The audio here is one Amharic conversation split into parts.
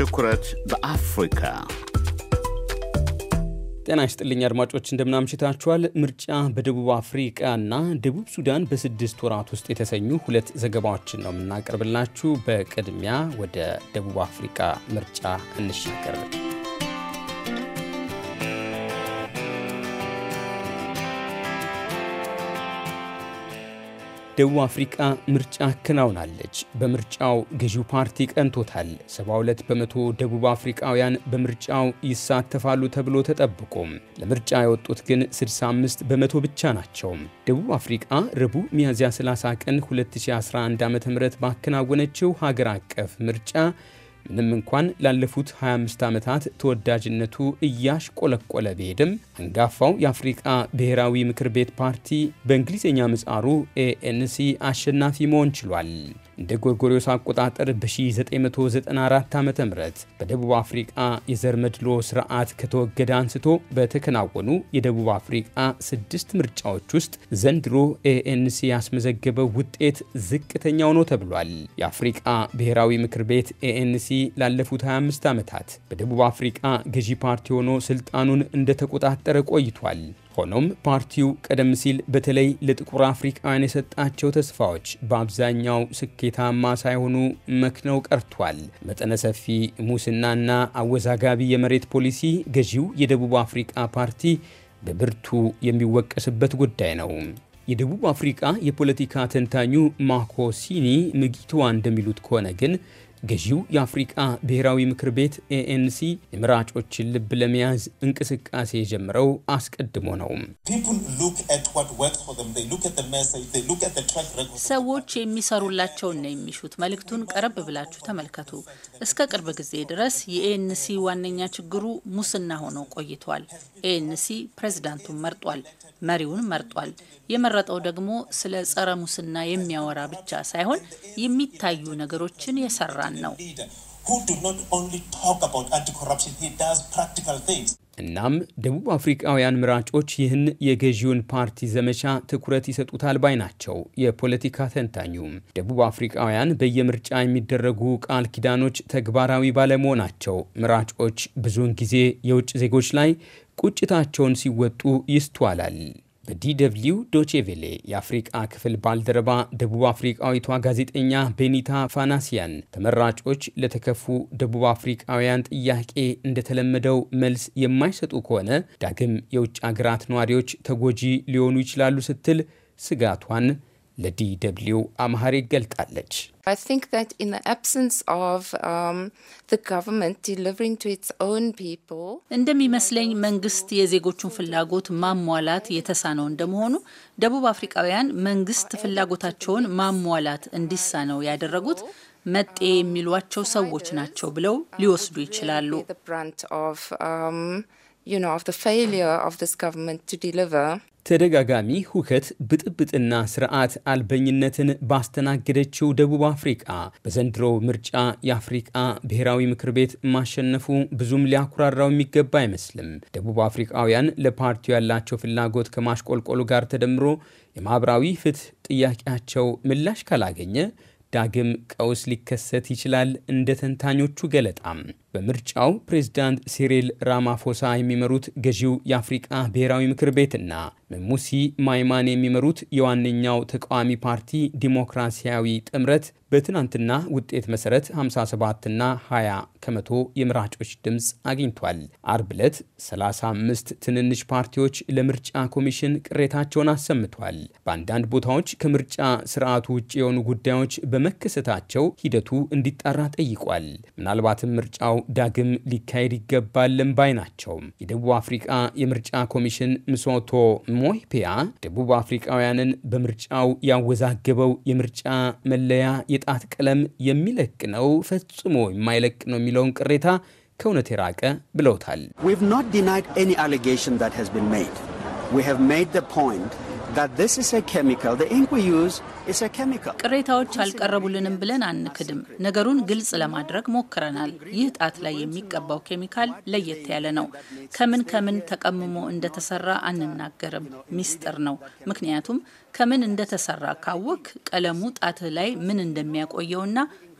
ትኩረት በአፍሪካ ጤና ይስጥልኝ አድማጮች፣ እንደምናምሽታችኋል። ምርጫ በደቡብ አፍሪቃ እና ደቡብ ሱዳን በስድስት ወራት ውስጥ የተሰኙ ሁለት ዘገባዎችን ነው የምናቀርብላችሁ። በቅድሚያ ወደ ደቡብ አፍሪቃ ምርጫ እንሻገር። ደቡብ አፍሪቃ ምርጫ አከናውናለች። በምርጫው ገዢው ፓርቲ ቀንቶታል። 72 በመቶ ደቡብ አፍሪቃውያን በምርጫው ይሳተፋሉ ተብሎ ተጠብቆ ለምርጫ የወጡት ግን 65 በመቶ ብቻ ናቸው። ደቡብ አፍሪቃ ረቡዕ ሚያዝያ 30 ቀን 2011 ዓ ም ባከናወነችው ሀገር አቀፍ ምርጫ ምንም እንኳን ላለፉት 25 ዓመታት ተወዳጅነቱ እያሽቆለቆለ ቢሄድም አንጋፋው የአፍሪቃ ብሔራዊ ምክር ቤት ፓርቲ በእንግሊዝኛ ምጻሩ ኤኤንሲ አሸናፊ መሆን ችሏል። እንደ ጎርጎሪዮስ አቆጣጠር በ1994 ዓ ም በደቡብ አፍሪቃ የዘር መድሎ ስርዓት ከተወገደ አንስቶ በተከናወኑ የደቡብ አፍሪቃ ስድስት ምርጫዎች ውስጥ ዘንድሮ ኤኤንሲ ያስመዘገበው ውጤት ዝቅተኛው ነው ተብሏል። የአፍሪቃ ብሔራዊ ምክር ቤት ኤኤንሲ ላለፉት 25 ዓመታት በደቡብ አፍሪቃ ገዢ ፓርቲ ሆኖ ስልጣኑን እንደተቆጣጠረ ቆይቷል። ሆኖም ፓርቲው ቀደም ሲል በተለይ ለጥቁር አፍሪቃውያን የሰጣቸው ተስፋዎች በአብዛኛው ስኬታማ ሳይሆኑ መክነው ቀርቷል። መጠነ ሰፊ ሙስናና አወዛጋቢ የመሬት ፖሊሲ ገዢው የደቡብ አፍሪቃ ፓርቲ በብርቱ የሚወቀስበት ጉዳይ ነው። የደቡብ አፍሪቃ የፖለቲካ ተንታኙ ማኮሲኒ ምጊቷ እንደሚሉት ከሆነ ግን ገዢው የአፍሪቃ ብሔራዊ ምክር ቤት ኤኤንሲ የምራጮችን ልብ ለመያዝ እንቅስቃሴ የጀመረው አስቀድሞ ነው። ሰዎች የሚሰሩላቸውን ነው የሚሹት። መልእክቱን ቀረብ ብላችሁ ተመልከቱ። እስከ ቅርብ ጊዜ ድረስ የኤኤንሲ ዋነኛ ችግሩ ሙስና ሆኖ ቆይቷል። ኤኤንሲ ፕሬዝዳንቱን መርጧል፣ መሪውን መርጧል። የመረጠው ደግሞ ስለ ጸረ ሙስና የሚያወራ ብቻ ሳይሆን የሚታዩ ነገሮችን የሰራ ስልጣን ነው። እናም ደቡብ አፍሪካውያን ምራጮች ይህን የገዢውን ፓርቲ ዘመቻ ትኩረት ይሰጡታል ባይ ናቸው። የፖለቲካ ተንታኙ ደቡብ አፍሪካውያን በየምርጫ የሚደረጉ ቃል ኪዳኖች ተግባራዊ ባለመሆናቸው ምራጮች ብዙውን ጊዜ የውጭ ዜጎች ላይ ቁጭታቸውን ሲወጡ ይስተዋላል። በዲደብሊው ዶቼቬሌ የአፍሪቃ ክፍል ባልደረባ ደቡብ አፍሪቃዊቷ ጋዜጠኛ ቤኒታ ፋናሲያን ተመራጮች ለተከፉ ደቡብ አፍሪቃውያን ጥያቄ እንደተለመደው መልስ የማይሰጡ ከሆነ ዳግም የውጭ አገራት ነዋሪዎች ተጎጂ ሊሆኑ ይችላሉ ስትል ስጋቷን ለዲ ደብልዩ አምሃሪ ገልጣለች። um, እንደሚመስለኝ መንግስት የዜጎቹን ፍላጎት ማሟላት የተሳነው እንደመሆኑ ደቡብ አፍሪካውያን መንግስት ፍላጎታቸውን ማሟላት እንዲሳነው ያደረጉት መጤ የሚሏቸው ሰዎች ናቸው ብለው ሊወስዱ ይችላሉ። ተደጋጋሚ ሁከት ብጥብጥና ስርዓት አልበኝነትን ባስተናገደችው ደቡብ አፍሪቃ በዘንድሮ ምርጫ የአፍሪቃ ብሔራዊ ምክር ቤት ማሸነፉ ብዙም ሊያኩራራው የሚገባ አይመስልም። ደቡብ አፍሪቃውያን ለፓርቲው ያላቸው ፍላጎት ከማሽቆልቆሉ ጋር ተደምሮ የማኅበራዊ ፍትህ ጥያቄያቸው ምላሽ ካላገኘ ዳግም ቀውስ ሊከሰት ይችላል እንደ ተንታኞቹ ገለጣም በምርጫው ፕሬዝዳንት ሲሪል ራማፎሳ የሚመሩት ገዢው የአፍሪቃ ብሔራዊ ምክር ቤትና መሙሲ ማይማን የሚመሩት የዋነኛው ተቃዋሚ ፓርቲ ዲሞክራሲያዊ ጥምረት በትናንትና ውጤት መሰረት 57ና 20 ከመቶ የምራጮች ድምፅ አግኝቷል። አርብ ዕለት 35 ትንንሽ ፓርቲዎች ለምርጫ ኮሚሽን ቅሬታቸውን አሰምቷል። በአንዳንድ ቦታዎች ከምርጫ ስርዓቱ ውጭ የሆኑ ጉዳዮች በመከሰታቸው ሂደቱ እንዲጣራ ጠይቋል። ምናልባትም ምርጫው ዳግም ሊካሄድ ይገባልን ባይ ናቸው። የደቡብ አፍሪቃ የምርጫ ኮሚሽን ምሶቶ ሞይፒያ ደቡብ አፍሪቃውያንን በምርጫው ያወዛገበው የምርጫ መለያ የጣት ቀለም የሚለቅ ነው፣ ፈጽሞ የማይለቅ ነው የሚለውን ቅሬታ ከእውነት የራቀ ብለውታል። ቅሬታዎች አልቀረቡልንም ብለን አንክድም። ነገሩን ግልጽ ለማድረግ ሞክረናል። ይህ ጣት ላይ የሚቀባው ኬሚካል ለየት ያለ ነው። ከምን ከምን ተቀምሞ እንደተሰራ አንናገርም፣ ሚስጥር ነው። ምክንያቱም ከምን እንደተሰራ ካወክ ቀለሙ ጣት ላይ ምን እንደሚያቆየውና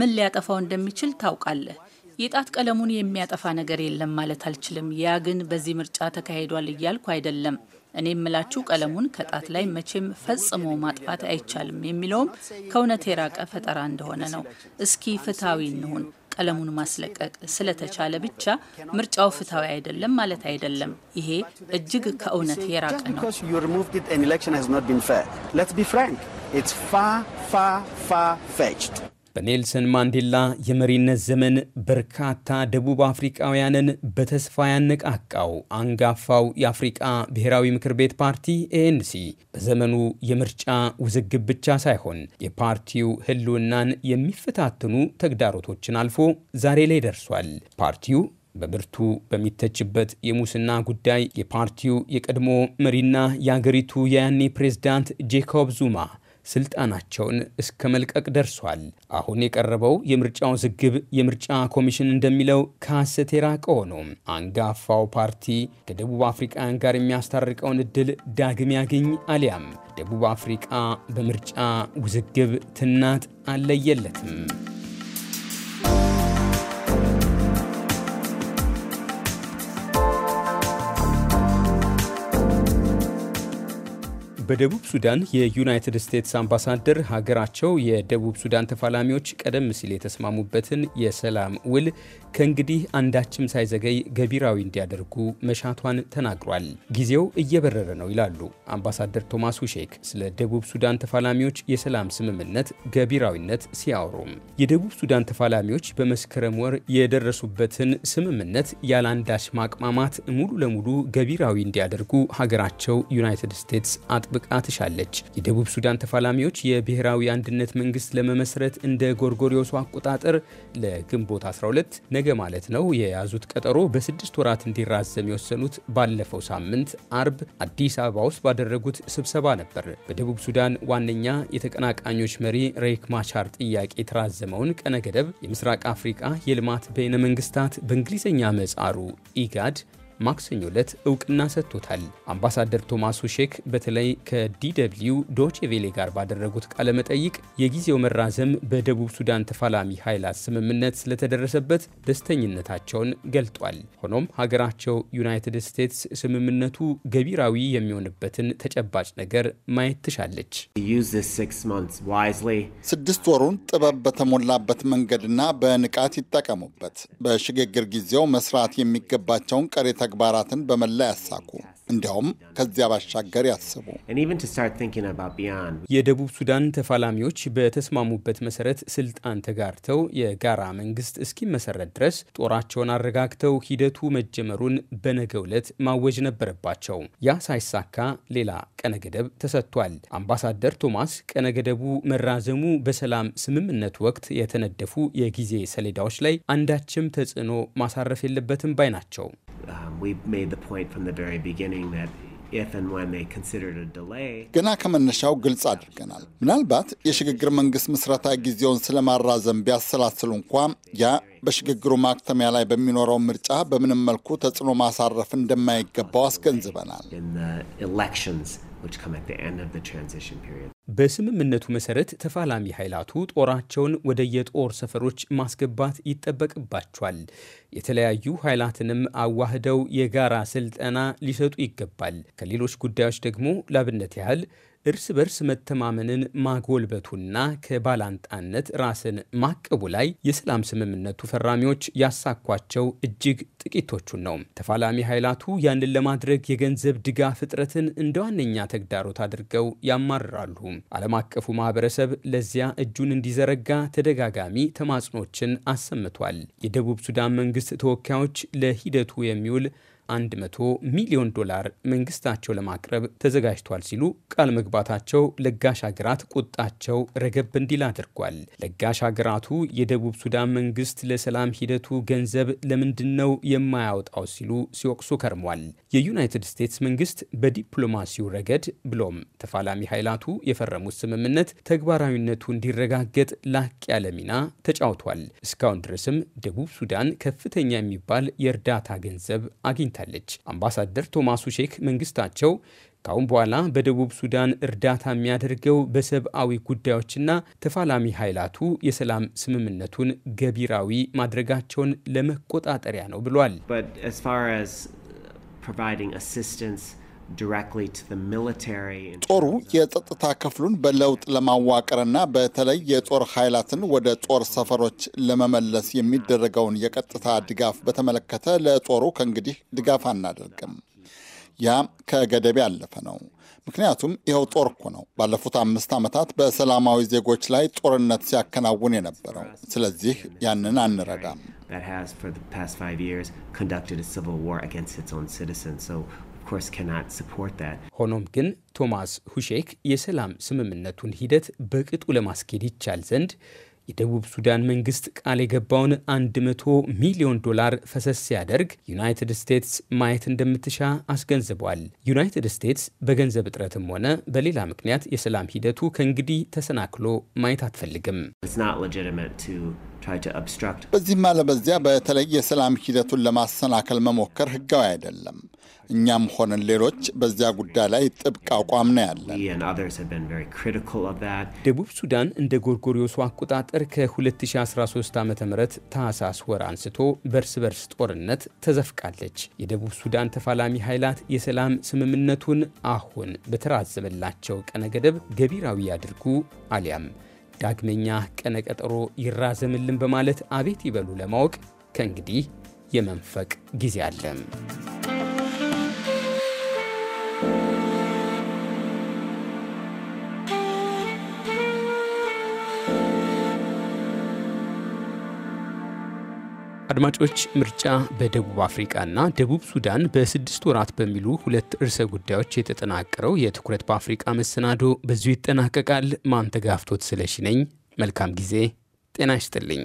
ምን ሊያጠፋው እንደሚችል ታውቃለህ። የጣት ቀለሙን የሚያጠፋ ነገር የለም ማለት አልችልም። ያ ግን በዚህ ምርጫ ተካሂዷል እያልኩ አይደለም። እኔ የምላችሁ ቀለሙን ከጣት ላይ መቼም ፈጽሞ ማጥፋት አይቻልም የሚለውም ከእውነት የራቀ ፈጠራ እንደሆነ ነው። እስኪ ፍትሐዊ እንሁን። ቀለሙን ማስለቀቅ ስለተቻለ ብቻ ምርጫው ፍትሐዊ አይደለም ማለት አይደለም። ይሄ እጅግ ከእውነት የራቀ ነው። ፋ በኔልሰን ማንዴላ የመሪነት ዘመን በርካታ ደቡብ አፍሪቃውያንን በተስፋ ያነቃቃው አንጋፋው የአፍሪቃ ብሔራዊ ምክር ቤት ፓርቲ ኤኤንሲ በዘመኑ የምርጫ ውዝግብ ብቻ ሳይሆን የፓርቲው ሕልውናን የሚፈታትኑ ተግዳሮቶችን አልፎ ዛሬ ላይ ደርሷል። ፓርቲው በብርቱ በሚተችበት የሙስና ጉዳይ የፓርቲው የቀድሞ መሪና የአገሪቱ የያኔ ፕሬዝዳንት ጄኮብ ዙማ ስልጣናቸውን እስከ መልቀቅ ደርሷል። አሁን የቀረበው የምርጫው ዝግብ የምርጫ ኮሚሽን እንደሚለው ከሐሰት የራቀ ሆኖ አንጋፋው ፓርቲ ከደቡብ አፍሪቃውያን ጋር የሚያስታርቀውን እድል ዳግም ያገኝ አሊያም ደቡብ አፍሪቃ በምርጫ ውዝግብ ትናት አለየለትም። በደቡብ ሱዳን የዩናይትድ ስቴትስ አምባሳደር ሀገራቸው የደቡብ ሱዳን ተፋላሚዎች ቀደም ሲል የተስማሙበትን የሰላም ውል ከእንግዲህ አንዳችም ሳይዘገይ ገቢራዊ እንዲያደርጉ መሻቷን ተናግሯል። ጊዜው እየበረረ ነው ይላሉ አምባሳደር ቶማስ ሁሼክ ስለ ደቡብ ሱዳን ተፋላሚዎች የሰላም ስምምነት ገቢራዊነት ሲያወሩም የደቡብ ሱዳን ተፋላሚዎች በመስከረም ወር የደረሱበትን ስምምነት አንዳች ማቅማማት ሙሉ ለሙሉ ገቢራዊ እንዲያደርጉ ሀገራቸው ዩናይትድ ስቴትስ አጥብ እንድትዘልቅ አትሻለች። የደቡብ ሱዳን ተፋላሚዎች የብሔራዊ አንድነት መንግስት ለመመስረት እንደ ጎርጎሪዮሱ አቆጣጠር ለግንቦት 12 ነገ ማለት ነው የያዙት ቀጠሮ በስድስት ወራት እንዲራዘም የወሰኑት ባለፈው ሳምንት አርብ አዲስ አበባ ውስጥ ባደረጉት ስብሰባ ነበር። በደቡብ ሱዳን ዋነኛ የተቀናቃኞች መሪ ሬክ ማቻር ጥያቄ የተራዘመውን ቀነ ገደብ የምስራቅ አፍሪቃ የልማት በይነ መንግስታት በእንግሊዝኛ መጻሩ ኢጋድ ማክሰኞ ዕለት እውቅና ሰጥቶታል። አምባሳደር ቶማሱ ሼክ በተለይ ከዲደብሊው ዶቼቬሌ ጋር ባደረጉት ቃለመጠይቅ የጊዜው መራዘም በደቡብ ሱዳን ተፋላሚ ኃይላት ስምምነት ስለተደረሰበት ደስተኝነታቸውን ገልጧል። ሆኖም ሀገራቸው ዩናይትድ ስቴትስ ስምምነቱ ገቢራዊ የሚሆንበትን ተጨባጭ ነገር ማየት ትሻለች። ስድስት ወሩን ጥበብ በተሞላበት መንገድና በንቃት ይጠቀሙበት። በሽግግር ጊዜው መስራት የሚገባቸውን ቀሬታ ተግባራትን በመላ ያሳኩ፣ እንዲያውም ከዚያ ባሻገር ያስቡ። የደቡብ ሱዳን ተፋላሚዎች በተስማሙበት መሰረት ስልጣን ተጋርተው የጋራ መንግስት እስኪመሰረት ድረስ ጦራቸውን አረጋግተው ሂደቱ መጀመሩን በነገ ዕለት ማወጅ ነበረባቸው። ያ ሳይሳካ ሌላ ቀነገደብ ተሰጥቷል። አምባሳደር ቶማስ ቀነገደቡ መራዘሙ በሰላም ስምምነት ወቅት የተነደፉ የጊዜ ሰሌዳዎች ላይ አንዳችም ተጽዕኖ ማሳረፍ የለበትም ባይ ናቸው። ገና ከመነሻው ግልጽ አድርገናል። ምናልባት የሽግግር መንግሥት ምስረታ ጊዜውን ስለማራዘም ቢያሰላስሉ እንኳ ያ በሽግግሩ ማክተሚያ ላይ በሚኖረው ምርጫ በምንም መልኩ ተጽዕኖ ማሳረፍ እንደማይገባው አስገንዝበናል። በስምምነቱ መሰረት ተፋላሚ ኃይላቱ ጦራቸውን ወደ የጦር ሰፈሮች ማስገባት ይጠበቅባቸዋል። የተለያዩ ኃይላትንም አዋህደው የጋራ ስልጠና ሊሰጡ ይገባል። ከሌሎች ጉዳዮች ደግሞ ላብነት ያህል እርስ በርስ መተማመንን ማጎልበቱና ከባላንጣነት ራስን ማቀቡ ላይ የሰላም ስምምነቱ ፈራሚዎች ያሳኳቸው እጅግ ጥቂቶቹን ነው። ተፋላሚ ኃይላቱ ያንን ለማድረግ የገንዘብ ድጋፍ እጥረትን እንደ ዋነኛ ተግዳሮት አድርገው ያማርራሉ። ዓለም አቀፉ ማህበረሰብ ለዚያ እጁን እንዲዘረጋ ተደጋጋሚ ተማጽኖችን አሰምቷል። የደቡብ ሱዳን መንግስት ተወካዮች ለሂደቱ የሚውል 100 ሚሊዮን ዶላር መንግስታቸው ለማቅረብ ተዘጋጅቷል ሲሉ ቃል መግባታቸው ለጋሽ ሀገራት ቁጣቸው ረገብ እንዲል አድርጓል። ለጋሽ ሀገራቱ የደቡብ ሱዳን መንግስት ለሰላም ሂደቱ ገንዘብ ለምንድን ነው የማያወጣው ሲሉ ሲወቅሱ ከርሟል። የዩናይትድ ስቴትስ መንግስት በዲፕሎማሲው ረገድ ብሎም ተፋላሚ ኃይላቱ የፈረሙት ስምምነት ተግባራዊነቱ እንዲረጋገጥ ላቅ ያለ ሚና ተጫውቷል። እስካሁን ድረስም ደቡብ ሱዳን ከፍተኛ የሚባል የእርዳታ ገንዘብ አግኝ አግኝታለች። አምባሳደር ቶማሱ ሼክ መንግስታቸው ካሁን በኋላ በደቡብ ሱዳን እርዳታ የሚያደርገው በሰብአዊ ጉዳዮችና ተፋላሚ ኃይላቱ የሰላም ስምምነቱን ገቢራዊ ማድረጋቸውን ለመቆጣጠሪያ ነው ብሏል። ጦሩ የጸጥታ ክፍሉን በለውጥ ለማዋቀርና በተለይ የጦር ኃይላትን ወደ ጦር ሰፈሮች ለመመለስ የሚደረገውን የቀጥታ ድጋፍ በተመለከተ ለጦሩ ከእንግዲህ ድጋፍ አናደርግም። ያ ከገደብ ያለፈ ነው። ምክንያቱም ይኸው ጦር እኮ ነው ባለፉት አምስት ዓመታት በሰላማዊ ዜጎች ላይ ጦርነት ሲያከናውን የነበረው። ስለዚህ ያንን አንረዳም። ሆኖም ግን ቶማስ ሁሼክ የሰላም ስምምነቱን ሂደት በቅጡ ለማስኬድ ይቻል ዘንድ የደቡብ ሱዳን መንግስት ቃል የገባውን 100 ሚሊዮን ዶላር ፈሰስ ሲያደርግ ዩናይትድ ስቴትስ ማየት እንደምትሻ አስገንዝቧል። ዩናይትድ ስቴትስ በገንዘብ እጥረትም ሆነ በሌላ ምክንያት የሰላም ሂደቱ ከእንግዲህ ተሰናክሎ ማየት አትፈልግም። በዚህም በዚያ በተለይ የሰላም ሂደቱን ለማሰናከል መሞከር ህጋዊ አይደለም። እኛም ሆነን ሌሎች በዚያ ጉዳይ ላይ ጥብቅ አቋም ነው ያለን። ደቡብ ሱዳን እንደ ጎርጎሪዮሱ አቆጣጠር ከ2013 ዓ ም ታህሳስ ወር አንስቶ በርስ በርስ ጦርነት ተዘፍቃለች። የደቡብ ሱዳን ተፋላሚ ኃይላት የሰላም ስምምነቱን አሁን በተራዘመላቸው ቀነ ገደብ ገቢራዊ ያድርጉ አሊያም ዳግመኛ ቀነ ቀጠሮ ይራዘምልን በማለት አቤት ይበሉ ለማወቅ ከእንግዲህ የመንፈቅ ጊዜ አለም። አድማጮች ምርጫ በደቡብ አፍሪቃና ደቡብ ሱዳን በስድስት ወራት በሚሉ ሁለት እርሰ ጉዳዮች የተጠናቀረው የትኩረት በአፍሪቃ መሰናዶ በዚሁ ይጠናቀቃል። ማንተጋፍቶት ስለሽነኝ ነኝ። መልካም ጊዜ። ጤና ይስጥልኝ።